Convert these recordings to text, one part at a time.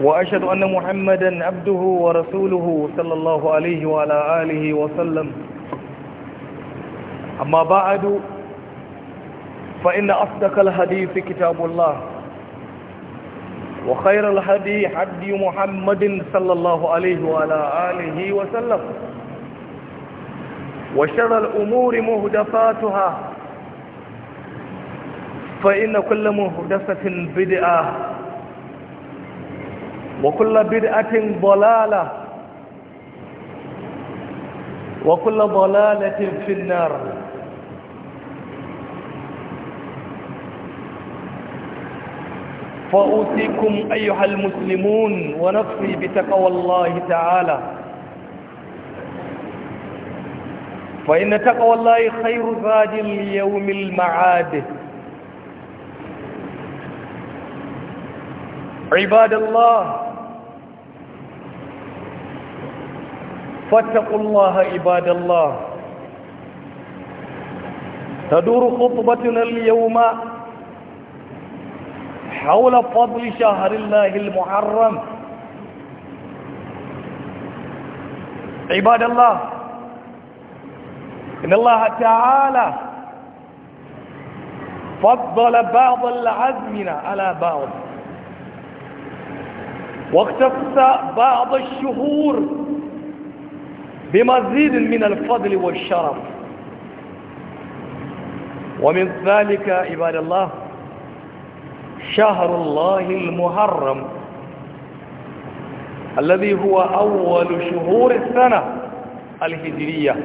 وأشهد أن محمدا عبده ورسوله صلى الله عليه وعلى آله وسلم أما بعد فإن أصدق الحديث كتاب الله وخير الحديث حدي محمد صلى الله عليه وعلى آله وسلم وشر الأمور مهدفاتها فإن كل مهدفة بدعة وكل بدعة ضلالة وكل ضلالة في النار فأوصيكم أيها المسلمون ونفسي بتقوى الله تعالى فإن تقوى الله خير زاد ليوم المعاد عباد الله فاتقوا الله عباد الله تدور خطبتنا اليوم حول فضل شهر الله المحرم عباد الله إن الله تعالى فضل بعض العزمنا على بعض واختص بعض الشهور بمزيد من الفضل والشرف ومن ذلك عباد الله شهر الله المحرم الذي هو أول شهور السنة الهجرية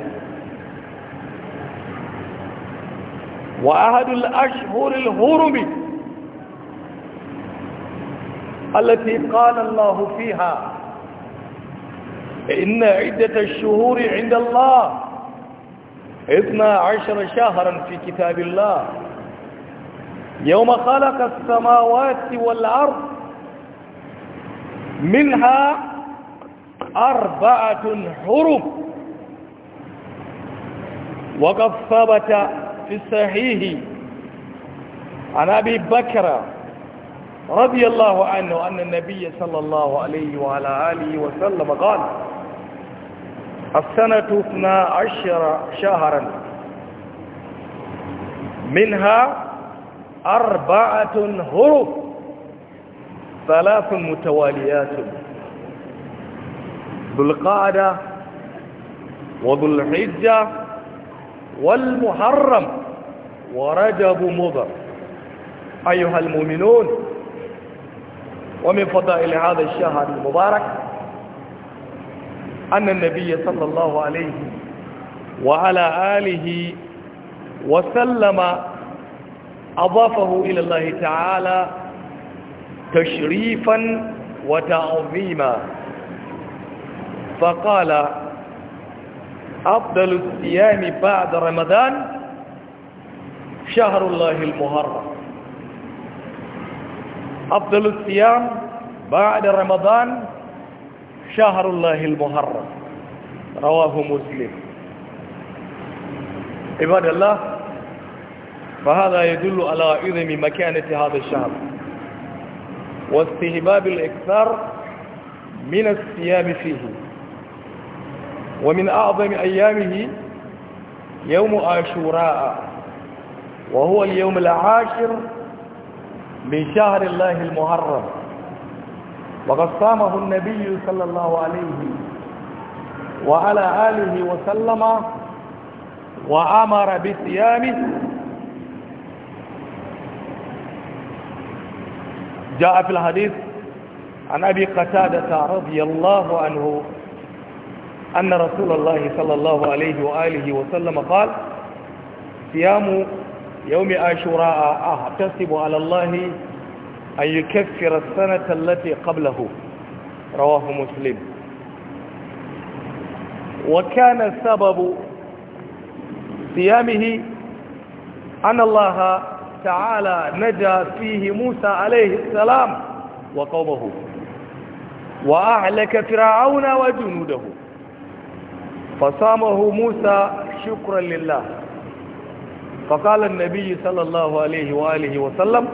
وأحد الأشهر الهرم التي قال الله فيها إن عدة الشهور عند الله اثنا عشر شهرا في كتاب الله يوم خلق السماوات والأرض منها أربعة حرم وقد ثبت في الصحيح عن أبي بكر رضي الله عنه أن النبي صلى الله عليه وعلى آله وسلم قال السنة اثنى عشر شهرا منها أربعة هرب ثلاث متواليات ذو القعدة وذو الحجة والمحرم ورجب مضر أيها المؤمنون ومن فضائل هذا الشهر المبارك أن النبي صلى الله عليه وعلى آله وسلم أضافه إلى الله تعالى تشريفا وتعظيما فقال أفضل الصيام بعد رمضان شهر الله المحرم أفضل الصيام بعد رمضان شهر الله المحرم رواه مسلم عباد الله فهذا يدل على عظم مكانة هذا الشهر واستهباب الإكثار من الصيام فيه ومن أعظم أيامه يوم عاشوراء وهو اليوم العاشر من شهر الله المحرم وقد صامه النبي صلى الله عليه وعلى آله وسلم وأمر بصيامه جاء في الحديث عن أبي قتادة رضي الله عنه أن رسول الله صلى الله عليه وآله وسلم قال صيام يوم عاشوراء أحتسب على الله أن يكفر السنة التي قبله رواه مسلم وكان سبب صيامه أن الله تعالى نجى فيه موسى عليه السلام وقومه وأهلك فرعون وجنوده فصامه موسى شكرا لله فقال النبي صلى الله عليه وآله وسلم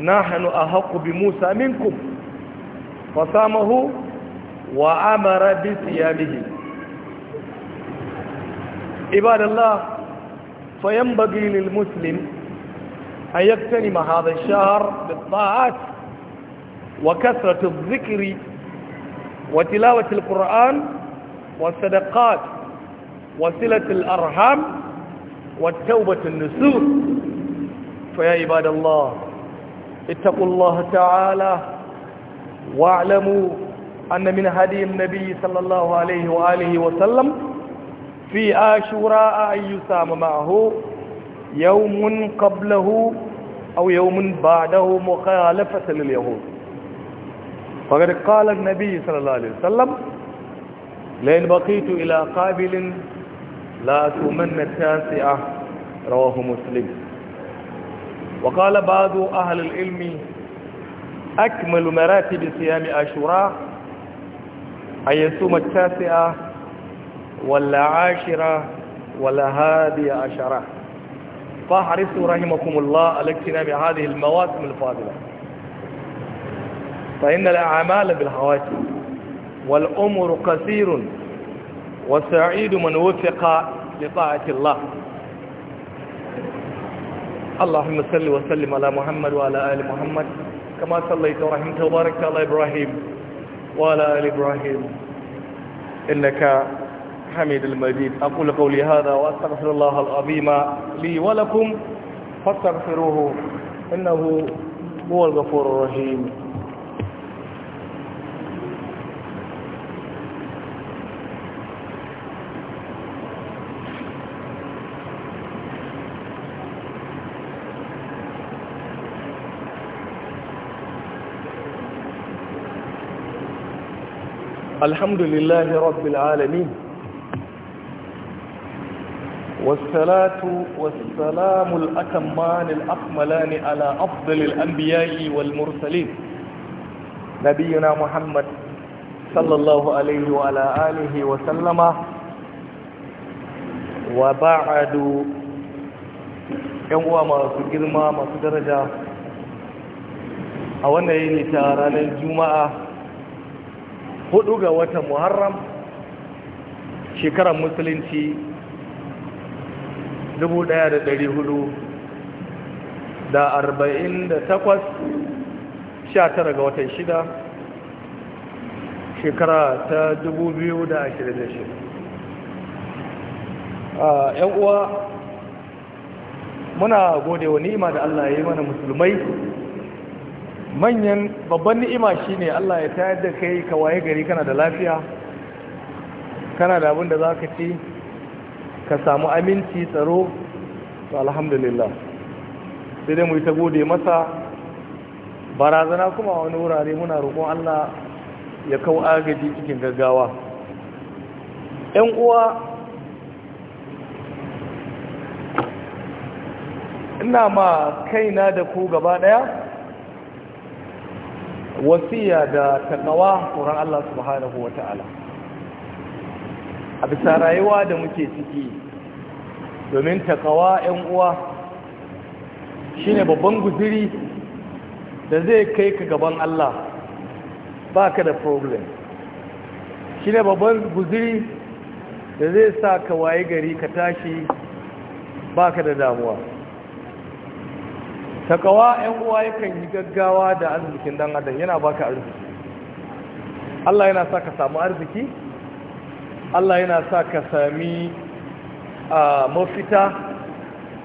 نحن أحق بموسى منكم فصامه وأمر بصيامه عباد الله فينبغي للمسلم أن يغتنم هذا الشهر بالطاعات وكثرة الذكر وتلاوة القرآن والصدقات وصلة الأرحام والتوبة النسور فيا عباد الله اتقوا الله تعالى واعلموا أن من هدي النبي صلى الله عليه وآله وسلم في آشوراء أن يسام معه يوم قبله أو يوم بعده مخالفة لليهود فقد قال النبي صلى الله عليه وسلم لئن بقيت إلى قابل لا تمن التاسعة رواه مسلم وقال بعض أهل العلم أكمل مراتب صيام عاشوراء أن يصوم التاسعة ولا عاشرة ولا هادي عشرة فاحرصوا رحمكم الله على اجتناب هذه المواسم الفاضلة فإن الأعمال بالهواتف والأمر قصير وسعيد من وفق لطاعة الله اللهم صل وسلم على محمد وعلى آل محمد كما صليت ورحمت وباركت على إبراهيم وعلى آل إبراهيم إنك حميد المجيد أقول قولي هذا وأستغفر الله العظيم لي ولكم فاستغفروه إنه هو الغفور الرحيم الحمد لله رب العالمين والصلاة والسلام الأتمان الأكملان على أفضل الأنبياء والمرسلين نبينا محمد صلى الله عليه وعلى آله وسلم وبعد يوم ما سجل ما سدرجا أولا يلي تارانا الجمعة hudu ga watan muharram shekarar musulunci 1448 19 ga watan shida shekara ta 2026 yan uwa muna gode wa ni'ima da Allah ya yi mana musulmai manyan babban ni'ima shi ne, Allah ya tayar da kai ka waye gari kana da lafiya kana da abin da za ka ci ka samu aminci tsaro to alhamdulillah sai dai mu yi ta gode masa barazana kuma wani wurare muna roƙon Allah ya kawo agaji cikin gaggawa ‘yan uwa ina ma kaina da ku gaba ɗaya wasiya da takawa tsoron Allah subhanahu wa ta'ala a bisa rayuwa da muke ciki domin takawa 'yan uwa ne babban guziri da zai kai ka gaban Allah ba ka da problem shi ne babban guziri da zai sa ka waye gari ka tashi ba ka da damuwa takawa yan uwa yakan yi gaggawa da arzikin dan adam yana baka arziki Allah yana sa ka samu arziki Allah yana sa ka sami mafita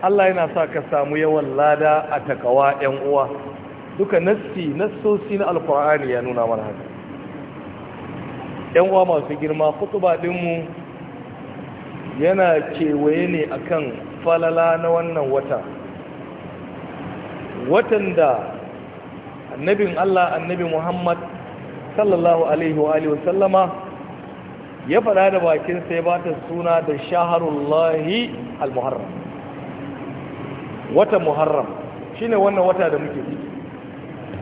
Allah yana sa ka samu yawan lada a takawa yan uwa duka nassi nassosi na alkur'ani ya nuna mana haka Ƴan uwa masu girma kutuba dinmu yana kewaye ne akan falala na wannan wata watan da annabin Allah annabi Muhammad sallallahu alaihi wa alihi wasallama ya fada da bakin sai ba ta suna da shaharullahi al-muharram wata muharram shine wannan wata da muke ciki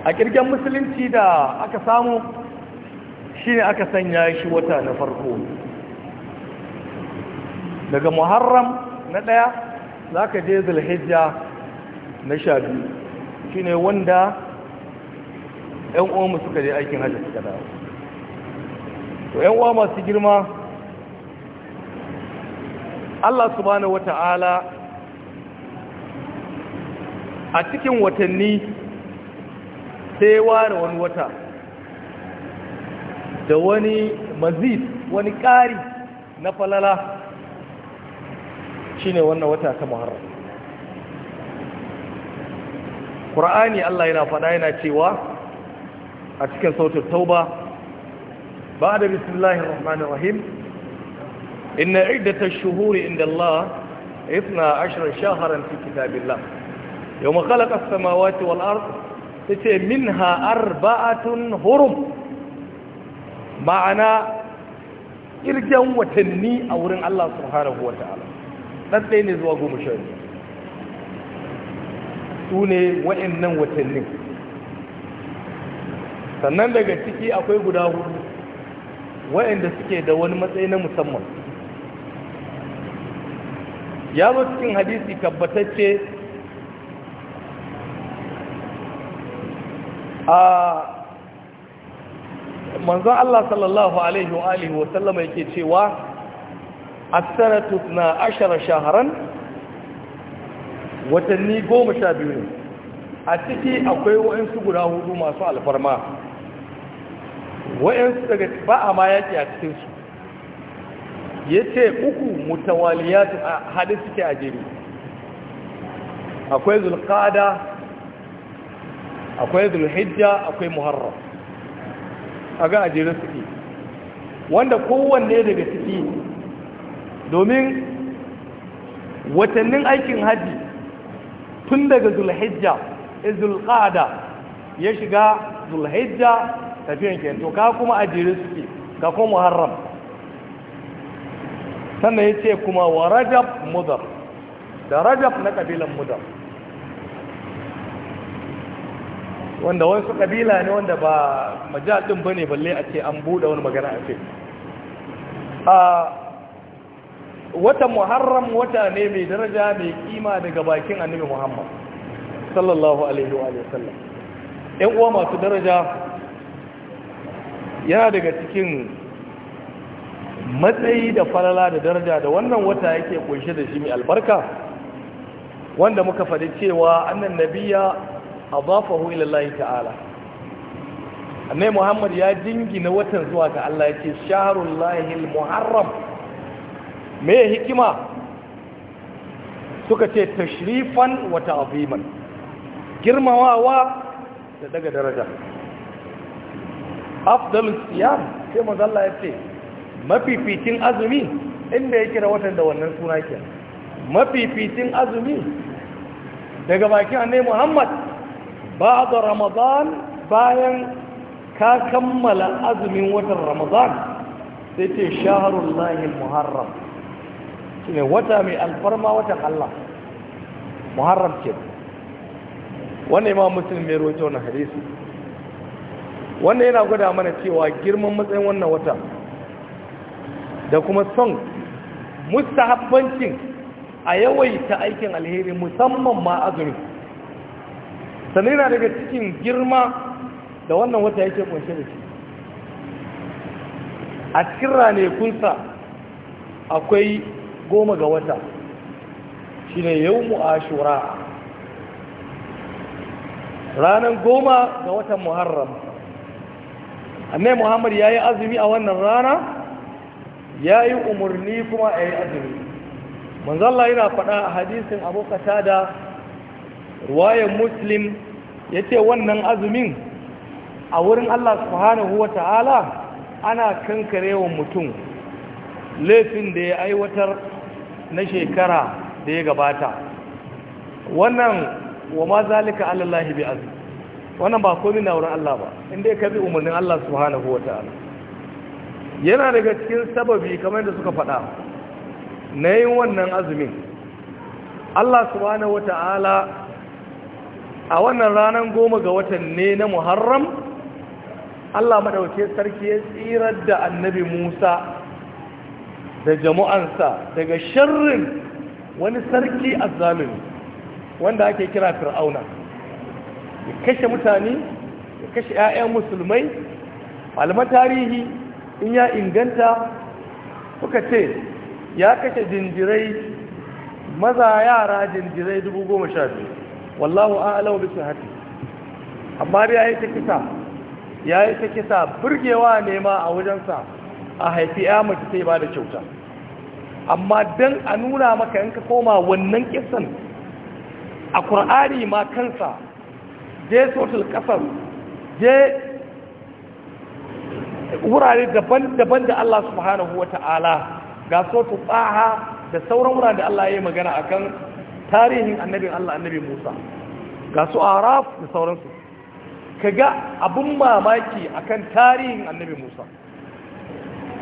a kirgen musulunci da aka samu shine aka sanya shi wata na farko daga muharram na daya zaka je zulhijja na sha biyu shine wanda yan uwanmu suka je aikin hajji suka dawo to yan uwa masu girma Allah subhanahu wata'ala a cikin watanni sai ware wani wata da wani mazid wani ƙari na falala shine wannan wata ta muharrar ƙura'ani Allah yana faɗa yana cewa a cikin sautar tauba ba da bismillahir rahmanir rahim inna iddatash shuhuri inda Allah ithna ashara shaharan fi kitabillah yawma khalaqa as-samawati wal ard tace minha hurum ma'ana irgen watanni a wurin Allah subhanahu wataala ne zuwa 12 su ne wa'annan watannin sannan daga ciki akwai guda hudu wa'anda suke da wani matsayi na musamman ya zo cikin hadisi tabbatacce a manzon Allah sallallahu alaihi wa wa sallama yake cewa as-sanatu 12 shaharan. watanni goma sha biyu ne a ciki akwai wa'insu guda hudu masu alfarma wa'insu daga ba a ma yaƙi a cikinsu ya ce uku su a hadin suke a jiri akwai zulkada akwai zulhijja akwai muharram a ga a ajiyar suke wanda kowanne daga ciki domin watannin aikin hajji tun daga zulhijja zulqada ya shiga zulhijja tafiyan ke to ka kuma ajiri suke ga kuma muharram sannan ya ce kuma wa rajab mudar da rajab na kabilan mudar wanda wasu kabila ne wanda ba majalin ba ne balle a ce an buɗe wani magana a ce ah, wata muharram wata ne mai daraja mai kima daga bakin annabi muhammad sallallahu alaihi wa sallam ɗan uwa masu daraja ya daga cikin matsayi da falala da daraja da wannan wata yake kunshe da shi mai albarka wanda muka faɗi cewa annan nabiya adafahu ila Allah ta'ala annai Muhammad ya jingina watan zuwa ga Allah yake lahil muharram me hikima suka ce tashrifan wata aziman girmamawa da daga daraja afdalus siyam sai mazalla ya ce mafificin azumi inda yake da watan da wannan suna ke mafificin azumi daga bakin annabi Muhammad ba'da ramadan bayan ka kammala azumin watan ramadan sai ce shaharul muharram shi ne wata mai alfarma watan Allah muharram ke wannan imam muslim mai roƙe wannan hadisi wannan yana gwada mana cewa girman matsayin wannan wata da kuma son mustahabbancin a yawaita aikin alheri musamman ma azumi sannan yana daga cikin girma da wannan wata yake kunshe da shi a cikin ranekunsa akwai goma ga wata shi shine a ashura ranar goma ga watan muharram annai muhammad ya yi azumi a wannan rana ya yi umarni kuma a yi azumi manzalla yana faɗa a hadisin abokata da ruwayan muslim ya ce wannan azumin a wurin allah subhanahu wa ta'ala ana kankarewa mutum laifin da ya aiwatar na shekara da ya gabata wannan wa ma zalika alallahi bi aziz wannan ba komai na wurin Allah ba inda ya bi umarnin Allah subhanahu wataala yana daga cikin sababi kamar da suka faɗa na yin wannan azumin Allah subhanahu wataala a wannan ranar goma ga watan ne na muharram Allah madauke sarki ya tsirar da annabi Musa da jama'ansa daga sharrin wani sarki azzalimi wanda ake kira fir'auna ya kashe mutane ya kashe 'ya'yan musulmai alma tarihi in ya inganta suka ce ya kashe jinjirai maza yara jinjirai biyu. wallahu an a'lamu bisa hati amma ya yayi ta kisa yayi ta kisa burgewa nema a wajensa a haifi ya mace sai ba da kyauta amma don a nuna maka yanka koma wannan kisan a ƙur'ani ma kansa je sotul ƙasar je wurare daban-daban da Allah subhanahu wa ta'ala ga sotu tsaha da sauran wurare da Allah ya yi magana a kan tarihin annabin Allah annabi Musa ga su araf da sauransu ka ga abin mamaki a kan tarihin annabi Musa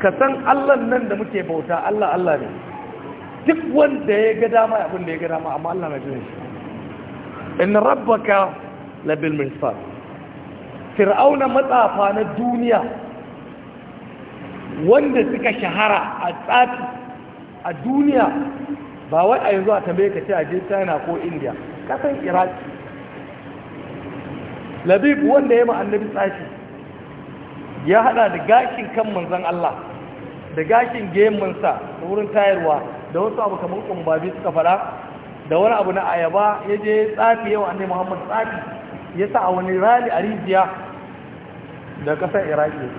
ka san Allah nan da muke bauta Allah Allah ne duk wanda ya ga dama abin da ya ga dama amma Allah na jin shi in rabbaka bil mirsad fir'auna matsafa na duniya wanda suka shahara a tsati a duniya ba wai a yanzu a tambaye ka ce a je China ko India kasan Iraq Labib wanda ya ma annabi tsashi ya hada da gashin kan manzon Allah da gashin gemunsa da wurin tayarwa da wasu abu kamar kumbabi suka fara da wani abu na ayaba ya je tsafi yawa annai Muhammadu, tsafi ya sa a wani rali a rijiya da kasar iraki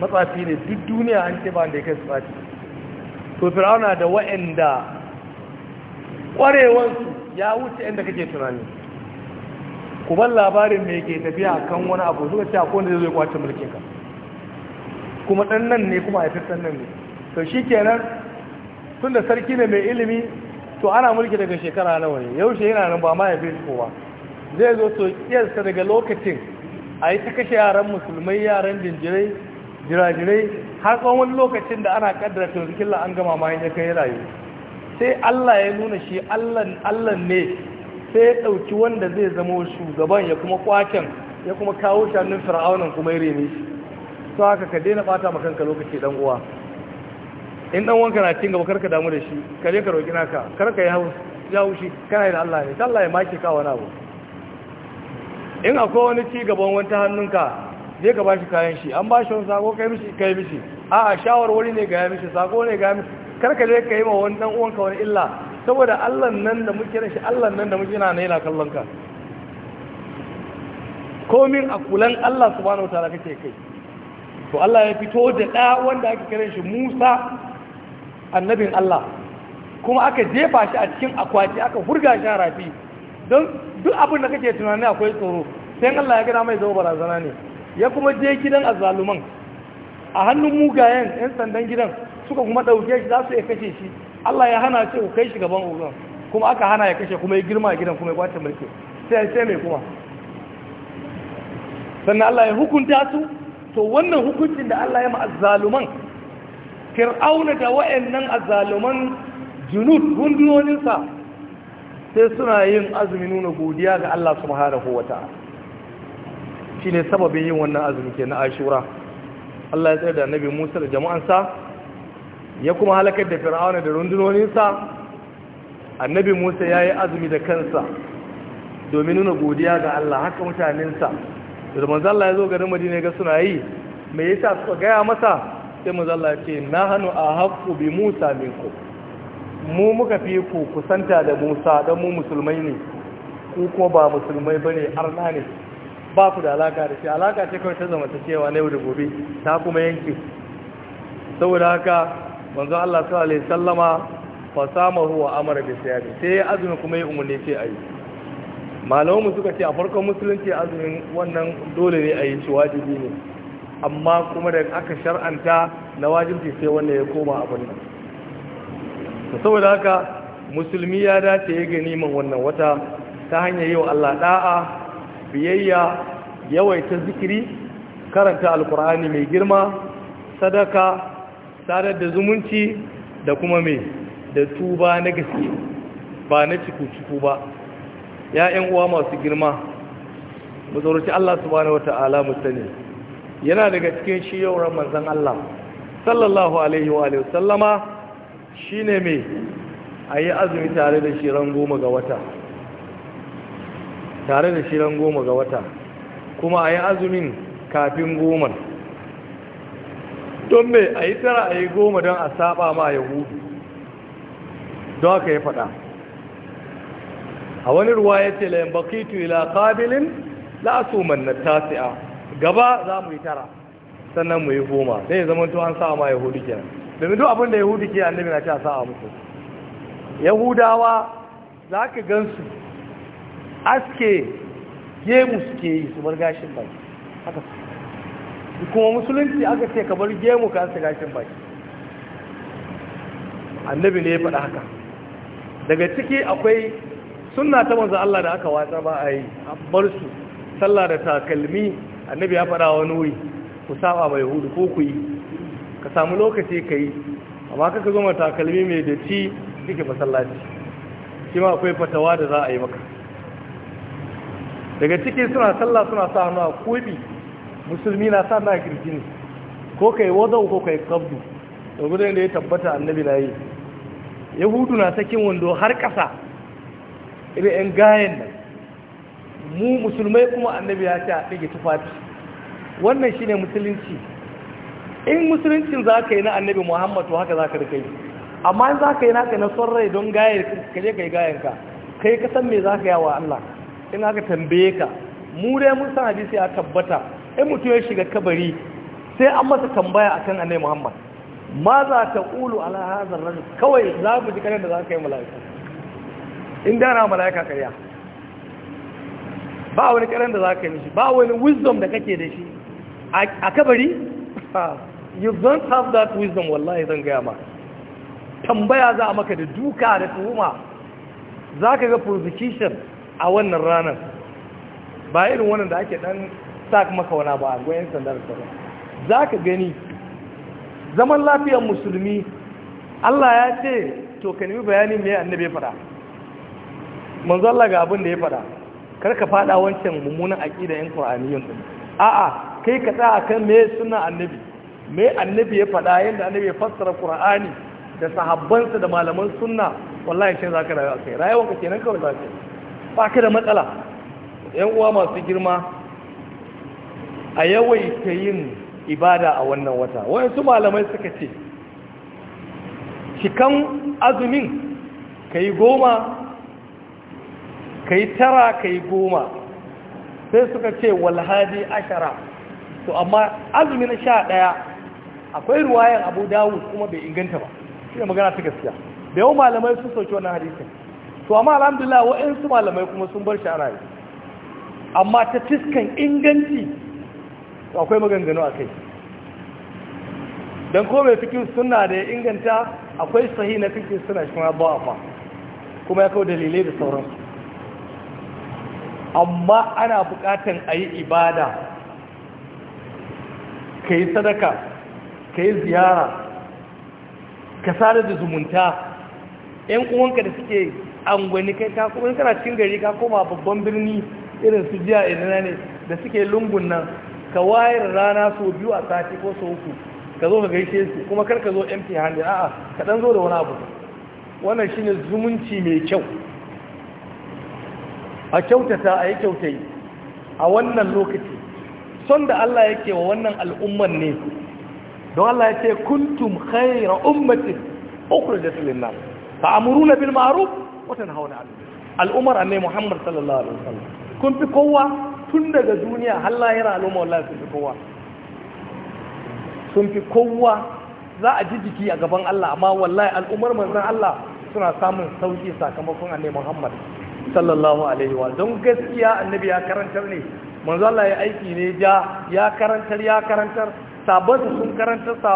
matsafi ne duk duniya an ce ba da ya kai tsafi to fir'auna da wa'anda kwarewansu ya wuce inda kake tunani ku ban labarin mai ke tafiya kan wani abu suka ce a wanda zai kwace mulkin ka kuma ɗan nan ne kuma a nan ne to shi kenan tun da sarki ne mai ilimi to ana mulki daga shekara nawa ne yaushe yana nan ba ma ya fi ba zai zo to kiyarsa daga lokacin a yi ta kashe yaran musulmai yaran jinjirai jirajirai har tsawon wani lokacin da ana kaddara to zikin an gama ma ya kai rayu sai Allah ya nuna shi Allah ne sai ya ɗauki wanda zai zama shugaban ya kuma kwacen ya kuma kawo shanun fir'aunan kuma ya rene shi to haka ka daina bata kanka lokaci dan uwa in dan wanka na cin gaba karka damu da shi ka je ka roki naka karka ya haushi ya haushi kana da Allah ne Allah ya maki ka wani abu in akwai wani ci gaban wanta hannunka je ka bashi kayan shi an bashi wani sako kai mishi kai mishi a'a shawarwari ne ga ya mishi sako ne ga ya mishi karka je ka yi ma wani dan uwanka wani illa saboda Allah nan da muke da shi Allah nan da muke na ne yana kallon ka komin akulan Allah subhanahu wataala kake kai to Allah ya fito da da wanda ake kiran shi Musa annabin Allah kuma aka jefa shi a cikin akwati aka hurga shi a rafi don duk abin da kake tunani akwai tsoro sai Allah ya gina mai zama barazana ne ya kuma je gidan azzaluman a hannun mugayen yan sandan gidan suka kuma ɗauke shi za su iya kashe shi Allah ya hana ce ku kai shi gaban ugan kuma aka hana ya kashe kuma ya girma a gidan kuma ya kwace mulki sai sai mai kuma sannan Allah ya hukunta su to wannan hukuncin da Allah ya ma azzaluman fir'auna da wa'annan azzaluman junud gundiyoninsa sai suna yin azumi nuna godiya ga Allah subhanahu wata'ala shine sababin yin wannan azumi ke na Ashura Allah ya tsare da Annabi Musa da jama'ansa ya kuma halakar da fir'auna da rundunoninsa Annabi Musa yayi azumi da kansa domin nuna godiya ga Allah haka sa da manzo Allah ya zo garin Madina ga suna yi me yasa suka gaya masa sai mazalla ce na hannu a haƙƙu bi musa minku mu muka fi ku kusanta da musa don mu musulmai ne ku ko ba musulmai ba ne arna ne ba ku da alaka da shi alaka ce kawai ta zama ta cewa na yau da gobe ta kuma yanki saboda haka manzo Allah sallallahu alaihi sallama fa samahu wa amara bi siyadi sai azumi kuma yi umarni sai ayi malamu suka ce a farkon musulunci azumin wannan dole ne a yi shi wajibi ne amma kuma da aka shar'anta na wajibci sai wanda ya koma abin nan to saboda haka musulmi ya dace ya gani man wannan wata ta hanyar yau Allah da'a biyayya yawaita zikiri karanta alkur'ani mai girma sadaka sadar da zumunci da kuma mai da tuba na gaske ba na ciku-ciku ba ya'yan uwa masu girma mu Allah subhanahu wata'ala mu sani yana daga cikin shi yau manzan Allah sallallahu alaihi wa sallama shi ne mai a yi azumi tare da shiran goma ga wata tare da shiran goma ga wata kuma a yi azumin kafin goma don mai a yi tara a yi goma don a saba ma yahudu don haka ya faɗa a wani ruwa ya ce layan bakitu ila ƙabilin la'asuman na tasi'a gaba za mu yi tara sannan mu yi goma sai ya zama to an sa ma yahudu kenan domin duk abin da yahudu ke annabi na ce a sa musu yahudawa za ka gansu aske gemu suke yi su bar gashin baki haka kuma musulunci aka ce ka bar gemu ka su gashin baki annabi ne ya faɗa haka daga ciki akwai sunna ta manzo Allah da aka watsa ba a yi a bar su sallah da takalmi annabi ya fada wani wuri ku saba mai hudu ko ku yi ka samu lokaci ka yi amma kaka zo mata kalmi mai da ci duke masallaci shi ma akwai fatawa da za a yi maka daga cikin suna sallah suna sa hannu a kobi musulmi na sa na kirji ne ko kai wadau ko kai kabdu da gudun da ya tabbata annabi na yi yahudu na sakin wando har ƙasa irin 'yan gayen nan mu musulmai kuma annabi ya ce a ɗage tufafi wannan shi ne musulunci in musuluncin za ka yi na annabi muhammadu haka za ka rika yi amma za ka yi naka na son rai don gayar ka je ka yi gayanka kai ka san me za ka yawa allah in aka tambaye ka mu dai mun san hadisi a tabbata in mutum ya shiga kabari sai an masa tambaya akan annabi muhammad ma za ta ƙulu ala hazar rajul kawai za mu ji kare da za ka yi mala'ika in dana mala'ika karya ba wani karen da za ka yi shi ba wani wisdom da kake da shi a kabari you don't have that wisdom wallahi zan gaya ma tambaya za a maka da duka da tuhuma za ka ga prosecution a wannan ranar ba irin wannan da ake dan sak maka wana ba a gwayen sandar sauran za ka gani zaman lafiyar musulmi Allah ya ce to ka nemi bayanin mai annabi fada manzo Allah ga abin da ya fada karka fada wancan mummunan aqida yan qur'aniyyun din a'a kai ka tsaya kan me sunan annabi me annabi ya fada yanda annabi ya fassara qur'ani da sahabbansa da malaman sunna wallahi shi zaka rayu akai rayuwar ka kenan kawai zaka ba ka da matsala yan uwa masu girma a yawaita yin ibada a wannan wata Wani su malamai suka ce Shikan azumin ka goma ka yi tara ka yi goma sai suka ce walhadi ashara to amma azumi na sha ɗaya akwai ruwayan abu dawud kuma bai inganta ba shi ne magana ta gaskiya da yau malamai sun sauki wannan hadisin to amma alhamdulillah wa'insu malamai kuma sun bar shi a rayu amma ta fiskan inganci to akwai maganganu a kai don kome fikin suna da ya inganta akwai sahi na fikin suna shi ma ba kuma ya kawo dalilai da sauransu amma ana bukatan a yi ibada ka yi sadaka ka yi ziyara ka sada da zumunta ‘yan uwanka da suke angwani kai ta kuma yana cikin gari ka koma babban birni irin su jiya inana ne da suke lungun nan ka wayar rana sau biyu a sati ko so uku ka zo ka gaishe su kuma kar zo empty handed a'a ka dan zo da wani abu wannan shine zumunci mai kyau a kyautata a yi kyautai a wannan lokaci son da Allah yake wa wannan al'umman ne don Allah ya ce kuntum khaira ummatin ukhrijat lin nas ta'muruna bil ma'ruf wa tanhauna 'anil a annabi Muhammad sallallahu alaihi wasallam kun fi kowa tun daga duniya har lahira al'umma wallahi sun fi kowa sun fi kowa za a ji jiki a gaban Allah amma wallahi al'umar manzan Allah suna samun sauki sakamakon annabi Muhammad sallallahu alaihi wa don gaskiya annabi ya karantar ne manzo Allah ya aiki ne ja ya karantar ya karantar sabon sun karantar sa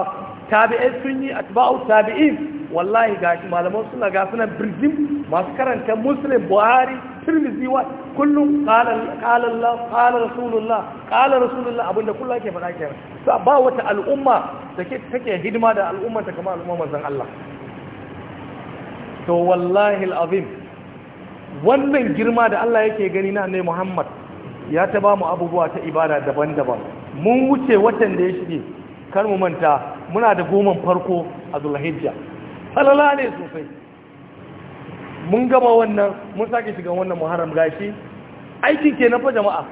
tabi'ai sun yi atba'u tabi'in wallahi ga malaman suna ga suna birjim masu karanta muslim buhari tirmidhi wa kullum qala qala Allah qala rasulullah qala rasulullah abinda kullu yake faɗa kenan to ba wata al'umma da take hidima da al'umma ta kamar al'umma manzon Allah to wallahi al'azim wannan girma da Allah yake gani na ne Muhammad ya ta ba mu abubuwa ta ibada daban-daban mun wuce watan da ya shige kar mu manta muna da goman farko a zulhijja halala ne sosai mun gama wannan mun sake shiga wannan muharram gashi aikin ke na fa jama'a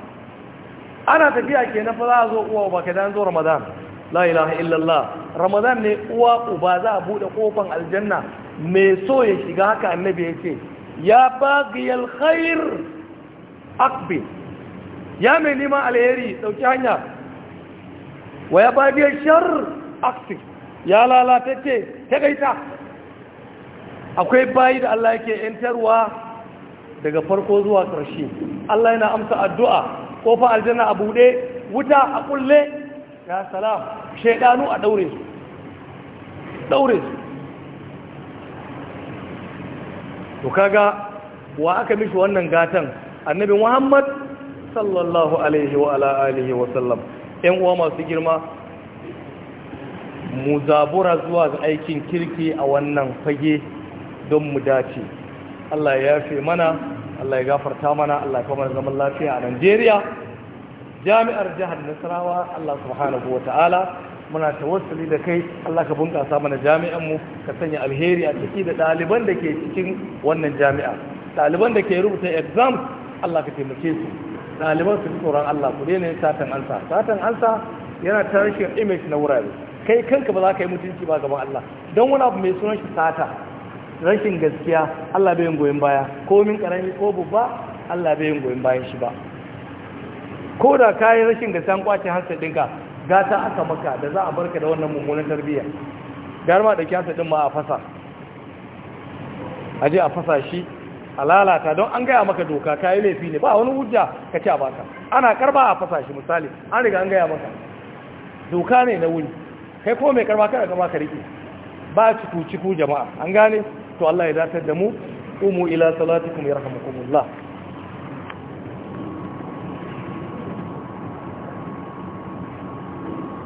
ana tafiya ke na fa za a zo uwa ba ka dan zo ramadan la ilaha illallah ramadan ne uwa uba za a bude kofan aljanna mai so ya shiga haka annabi ya ya baghi alkhair aqbi ya mai neman alheri dauki hanya wa ya baghi shar aqti ya lalatacce ta gaita akwai bayi da Allah yake yantarwa daga farko zuwa ƙarshe Allah yana amsa addu'a kofa aljanna a buɗe wuta a kulle. ya salam shedanu a daure su daure su to kaga wa aka mishi wannan gatan annabi muhammad sallallahu alaihi wa ala alihi wa sallam ɗan uwa masu girma mu zabura zuwa ga aikin kirki a wannan fage don mu dace Allah ya yafe mana Allah ya gafarta mana Allah ya kamar zaman lafiya a Najeriya jami'ar jihar Nasarawa Allah subhanahu wa ta'ala muna ta tawassuli da kai Allah ka bunƙasa mana jami'an mu ka sanya alheri a ciki da ɗaliban da ke cikin wannan jami'a ɗaliban da ke rubuta exam Allah ka taimake su ɗaliban su tsoron Allah ku daina yin satan ansa satan ansa yana ta rashin image na wurare kai kanka ba za ka yi mutunci ba gaban Allah don wani abu mai sunan shi sata rashin gaskiya Allah bai yin goyon baya ko min karami ko babba Allah bai yin goyon bayan shi ba ko da kayan rashin gaskiya kwace hansa ɗinka gata aka maka da za a barka da wannan mummunan tarbiyya gar ma da kyasa din ma a fasa aje a fasa shi a lalata don an gaya maka doka kayi laifi ne ba wani hujja ka ci a baka ana karba a fasa shi misali an riga an gaya maka doka ne na wuni kai ko mai karba kada gama ka rike ba ciku ciku jama'a an gane to Allah ya dace da mu umu ila salatikum yarhamukumullah